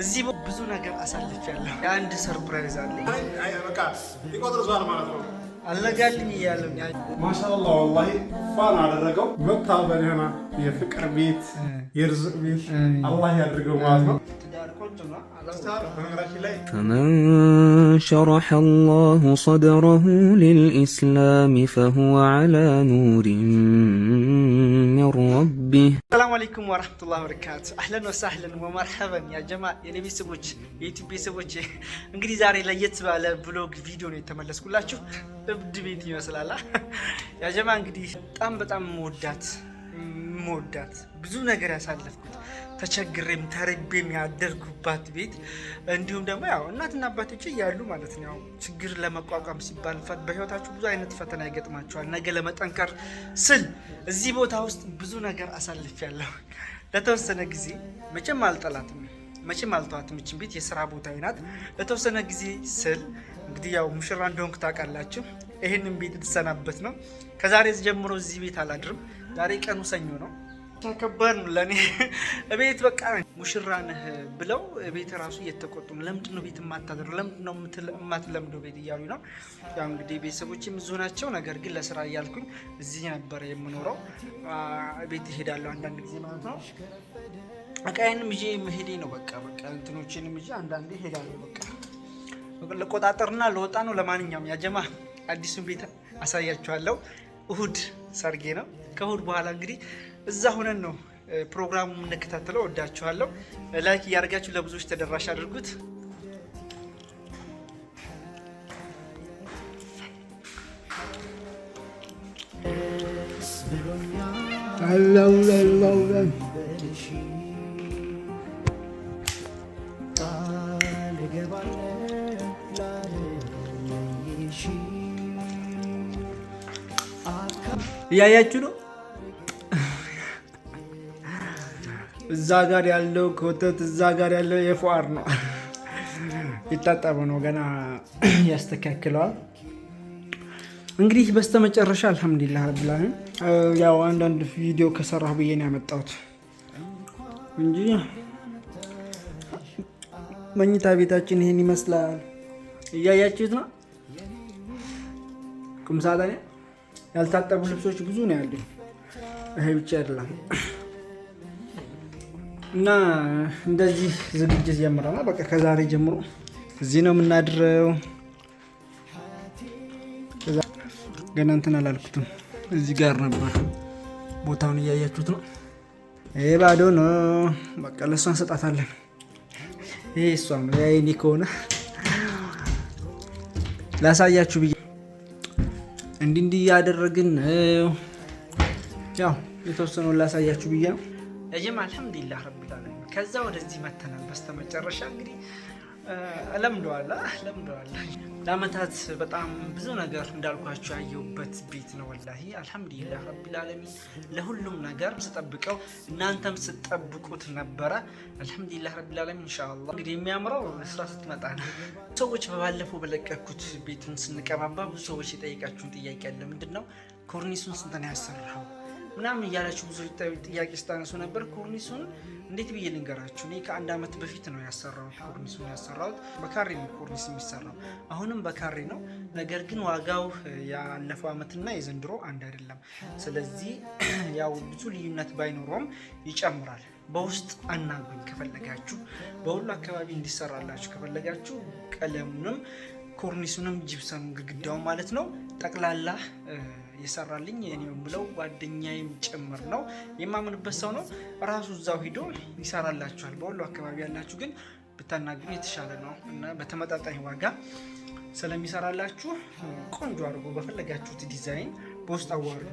እዚህ ብዙ ነገር አሳልፊያለሁ። የአንድ ሰርፕራይዝ አለኝ። አለጋልኝ እያለም ማሻአላ ወላሂ ፋን አደረገው። መታበል የሆነ የፍቅር ቤት የርዝቅ ቤት አላህ ያድርገው ማለት ነው። فمن شرح الله صدره للإسلام فهو على نور من ربه السلام عليكم ورحمة الله وبركاته أهلا وسهلا ومرحبا يا جماعة የኔ ቤተሰቦች የዩቲዩብ ቤተሰቦች እንግዲህ ዛሬ ለየት ባለ ብሎግ ቪዲዮ ነው የተመለስኩላችሁ። እብድ ቤት ይመስላል ያ ጀማ እንግዲህ በጣም በጣም መወዳት መወዳት ብዙ ነገር ያሳለፍኩት ተቸግሬም ተርቤም ያደርጉባት ቤት እንዲሁም ደግሞ ያው እናትና አባቶች እያሉ ማለት ነው። ያው ችግር ለመቋቋም ሲባል በህይወታችሁ ብዙ አይነት ፈተና ይገጥማችኋል። ነገ ለመጠንከር ስል እዚህ ቦታ ውስጥ ብዙ ነገር አሳልፌያለሁ። ለተወሰነ ጊዜ መቼም አልጠላትም፣ መቼም አልተዋትም። ይችን ቤት የስራ ቦታ ናት። ለተወሰነ ጊዜ ስል እንግዲህ ያው ሙሽራ እንደሆንኩ ታውቃላችሁ። ይህንን ቤት ልሰናበት ነው። ከዛሬ ጀምሮ እዚህ ቤት አላድርም። ዛሬ ቀኑ ሰኞ ነው። ከባድ ነው ለእኔ ቤት በቃ ሙሽራ ነህ ብለው ቤት ራሱ እየተቆጡ ነው። ለምንድን ነው ቤት የማታደርገው? ለምንድን ነው የማትለምደው ቤት እያሉ ነው። ያው እንግዲህ ቤተሰቦችም ብዙ ናቸው። ነገር ግን ለስራ እያልኩኝ እዚህ ነበረ የምኖረው። ቤት እሄዳለሁ አንዳንድ ጊዜ ማለት ነው። እቃዬንም ይዤ መሄዴ ነው በቃ በቃ እንትኖችንም ይዤ አንዳንዴ እሄዳለሁ። በቃ ልቆጣጠርና ለወጣ ነው። ለማንኛውም ያጀማ አዲሱን ቤት አሳያችኋለሁ። እሁድ ሰርጌ ነው። ከእሁድ በኋላ እንግዲህ እዛ ሆነን ነው ፕሮግራሙ የምንከታተለው። ወዳችኋለሁ። ላይክ እያደረጋችሁ ለብዙዎች ተደራሽ አድርጉት። እያያችሁ ነው እዛ ጋር ያለው ከወተት እዛ ጋር ያለው የፉአር ነው። ይታጠበ ነው ገና ያስተካክለዋል። እንግዲህ በስተመጨረሻ አልሐምዱሊላህ ረብልዓለሚን ያው አንዳንድ ቪዲዮ ከሰራሁ ብዬ ነው ያመጣሁት እንጂ መኝታ ቤታችን ይሄን ይመስላል። እያያችሁት ነው። ቁምሳጥኔ ያልታጠቡ ልብሶች ብዙ ነው ያለኝ። ይሄ ብቻ አይደለም። እና እንደዚህ ዝግጅት ጀምረናል። በቃ ከዛሬ ጀምሮ እዚህ ነው የምናድረው። ገና እንትን አላልኩትም። እዚህ ጋር ነበር። ቦታውን እያያችሁት ነው። ይሄ ባዶ ነው። በቃ ለእሷ እንሰጣታለን። ይሄ እሷ ነው። ከሆነ ላሳያችሁ ብዬ እንዲህ እንዲህ እያደረግን ያው የተወሰነውን ላሳያችሁ ብዬ ነው። እጅም አልሐምዱሊላህ ረቢል ዓለሚን። ከዛ ወደዚህ መተናል። በስተመጨረሻ እንግዲህ ለምደዋላ ለምደዋላ ለአመታት በጣም ብዙ ነገር እንዳልኳቸው ያየሁበት ቤት ነው። ወላሂ አልሐምዱሊላህ ረቢል ዓለሚን ለሁሉም ነገር ስጠብቀው እናንተም ስጠብቁት ነበረ። አልሐምዱሊላህ ረቢል ዓለሚን እንሻላ እንግዲህ የሚያምረው ስራ ስትመጣ ነው። ሰዎች በባለፈው በለቀኩት ቤቱን ስንቀባባ ብዙ ሰዎች የጠየቃችሁን ጥያቄ አለ ምንድን ነው ኮርኒሱን ስንት ነው ያሰራኸው? ምናምን እያላችሁ ብዙ ጥያቄ ስታነሱ ነበር። ኮርኒሱን እንዴት ብዬ ልንገራችሁ? እኔ ከአንድ ዓመት በፊት ነው ያሰራው ኮርኒሱን ያሰራሁት በካሬ ነው ኮርኒስ የሚሰራው። አሁንም በካሬ ነው፣ ነገር ግን ዋጋው ያለፈው ዓመትና የዘንድሮ አንድ አይደለም። ስለዚህ ያው ብዙ ልዩነት ባይኖረውም ይጨምራል። በውስጥ አናግሩኝ ከፈለጋችሁ፣ በሁሉ አካባቢ እንዲሰራላችሁ ከፈለጋችሁ ቀለሙንም ኮርኒሱንም ጅብሰም ግድግዳው ማለት ነው ጠቅላላ የሰራልኝ እኔም ብለው ጓደኛዬም ጭምር ነው የማምንበት ሰው ነው። ራሱ እዛው ሂዶ ይሰራላችኋል። በወሎ አካባቢ ያላችሁ ግን ብታናግሩ የተሻለ ነው እና በተመጣጣኝ ዋጋ ስለሚሰራላችሁ ቆንጆ አድርጎ በፈለጋችሁት ዲዛይን በውስጥ አዋሪ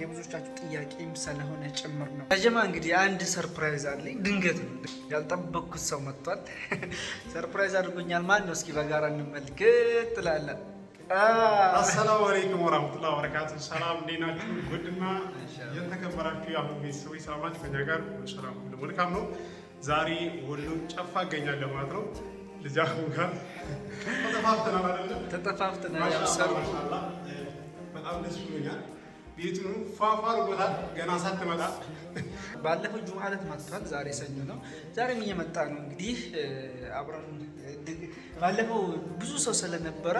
የብዙዎቻችሁ ጥያቄም ስለሆነ ጭምር ነው። ከጀማ እንግዲህ አንድ ሰርፕራይዝ አለ። ድንገት ያልጠበኩት ሰው መጥቷል። ሰርፕራይዝ አድርጎኛል። ማን ነው? እስኪ በጋራ እንመልከት ትላለን አሰላሙ አለይኩም ወራህመቱላሂ ወበረካቱ። ሰላም እንዴት ናችሁ? ውድና የተከበራችሁ የአሁኑ ቤተሰቦች ሰላም ናችሁ? ከእኛ ጋር ሰላም ሁሉ መልካም ነው። ዛሬ ወሎ ጨፋ እገኛለሁ ማለት ነው። ልጅ አሁን ጋር ተጠፋፍተናል አይደለም? ተጠፋፍተናል። በጣም ደስ ብሎኛል። ቤቱን ፏፏር ቦታ ገና ሳትመጣ ባለፈው ጁምዓ ዕለት መጥቷል። ዛሬ ሰኞ ነው። ዛሬም እየመጣ ነው። እንግዲህ አብረን ባለፈው ብዙ ሰው ስለነበረ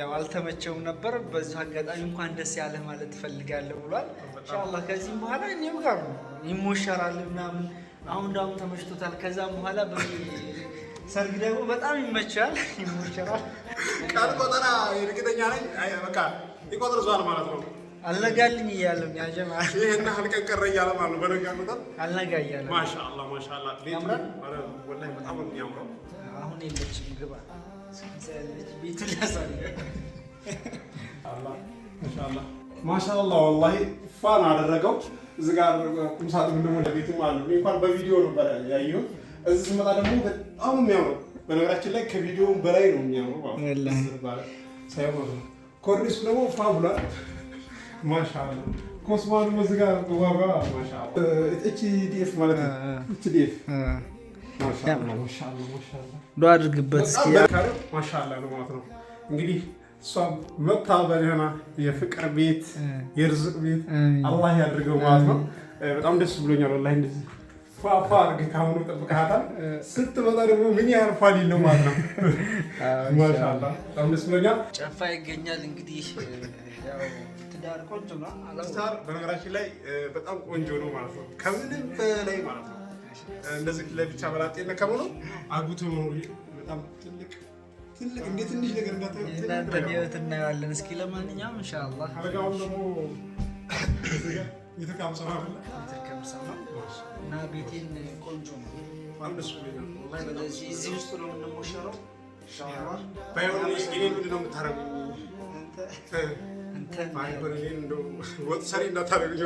ያው አልተመቸውም ነበር። በዚህ አጋጣሚ እንኳን ደስ ያለ ማለት ትፈልጋለሁ ብሏል። ኢንሻላህ ከዚህም በኋላ እኔም ጋር ነው ይሞሸራል ምናምን አሁን ዳሁን ተመችቶታል። ከዛም በኋላ ሰርግ ደግሞ በጣም ይመቻል፣ ይሞሸራል። ቀን ቆጠራ እርግጠኛ ነኝ በቃ ይቆጥር ዟል ማለት ነው። አልነጋልኝ እያለም ያጀማ ይህና አልቀን ቀረ እያለ ማለት ነው። በነጋ ቁጥር አልነጋ እያለ ማሻአላ ማሻአላ። ቤቱ በጣም ያምራል። አሁን የለችም ግባ ማሻላ ወላሂ ፋን አደረገው። እዚህ ጋር ቁምሳጥን ደግሞ ለቤት ማለት ነው። እንኳን በቪዲዮ ነበር ያየሁት። እዚህ ስመጣ ደግሞ በጣም የሚያምረው በነገራችን ላይ ከቪዲዮ በላይ ነው የሚያምረው። ኮርኒሱ ደግሞ ፋቡላል ማሻአላ። ኮስማኑ እዚህ ጋር ዋጋ ማሻአላ። ኤች ዲ ማለት ነው። ኤች ዲ ዱአ አድርግበት እስኪ ማሻላ ነው ማለት ነው እንግዲህ እሷም መታበር የሆነ የፍቅር ቤት የርዝቅ ቤት አላህ ያድርገው ማለት ነው። በጣም ደስ ብሎኛል ወላሂ። እንደዚህ ፏፏ አድርገህ ከአሁኑ ጠብቀሃታል። ስትመጣ ደግሞ ምን ያህል ፋል ማለት ነው። ማሻላ በጣም ደስ ብሎኛል። ጨፋ ይገኛል እንግዲህ ትዳር ቆንጆ ነው። ትዳር በነገራችን ላይ በጣም ቆንጆ ነው ማለት ነው። ከምንም በላይ ማለት ነው እንደዚህ ለብቻ መላጤ ነከሙ ነው አጉቶ በጣም ትልቅ ትልቅ እንደ ትንሽ ነገር እንዳታዩት እናየዋለን። እስኪ ለማንኛውም ኢንሻአላህ አረጋውን ደግሞ የተካም ሰው እና ቤቴን ቆንጆ ነው። እዚህ ውስጥ ነው የምንሞሸረው። ምንድነው የምታረጉ? ወጥ ሰሪ እንዳታረጉ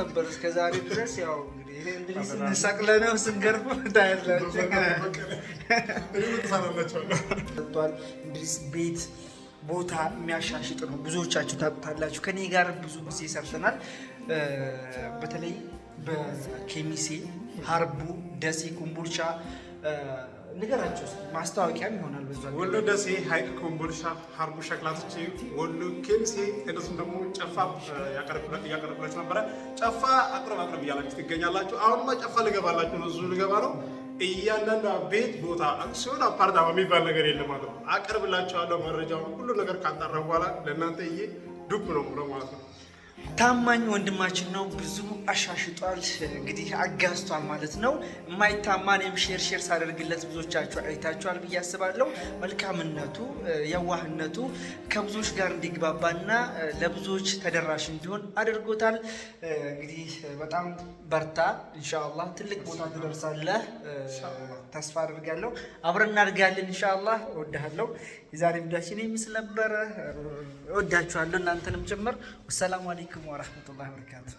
ነበር እስከ ዛሬ ድረስ። ያው እንግዲህ ሰቅለነው ስንገርፍ ታያላቸውቷል። እንግዲህ ቤት ቦታ የሚያሻሽጥ ነው። ብዙዎቻችሁ ታውቁታላችሁ። ከኔ ጋር ብዙ ጊዜ ሰርተናል። በተለይ በኬሚሴ፣ ሀርቡ፣ ደሴ፣ ኩምቦልቻ ንገራቸው። ማስታወቂያም ይሆናል። በዛ ወሎ ደሴ፣ ሀይቅ፣ ኮምቦልሻ፣ ሀርቡ፣ ሸክላቶች፣ ወሎ ኬምሴ እነሱም ደግሞ ጨፋ እያቀረብላችሁ ነበረ። ጨፋ አቅርብ አቅርብ እያላችሁ ትገኛላችሁ። አሁንማ ጨፋ ልገባላችሁ ነው። እዙ ልገባ ነው። እያንዳንዱ ቤት ቦታ አክሲዮን አፓርታማ የሚባል ነገር የለም ማለት ነው። አቅርብላችኋለሁ መረጃውን ሁሉ ነገር ካጣረ በኋላ ለእናንተ ይሄ ዱብ ነው ብሎ ማለት ነው። ታማኝ ወንድማችን ነው። ብዙ አሻሽጧል፣ እንግዲህ አጋዝቷል ማለት ነው። የማይታማን ሼር ሼር ሳደርግለት ብዙዎቻችሁ አይታችኋል ብዬ አስባለሁ። መልካምነቱ፣ የዋህነቱ ከብዙዎች ጋር እንዲግባባና ለብዙዎች ተደራሽ እንዲሆን አድርጎታል። እንግዲህ በጣም በርታ፣ እንሻላ ትልቅ ቦታ ትደርሳለህ ተስፋ አድርጋለሁ። አብረን እናድጋለን እንሻላ። እወድሃለሁ። የዛሬ ቪዲዮችን ይህ ምስል ነበረ። እወዳችኋለሁ እናንተንም ጭምር። ወሰላሙ አሌይኩም ورحمة الله وبركاته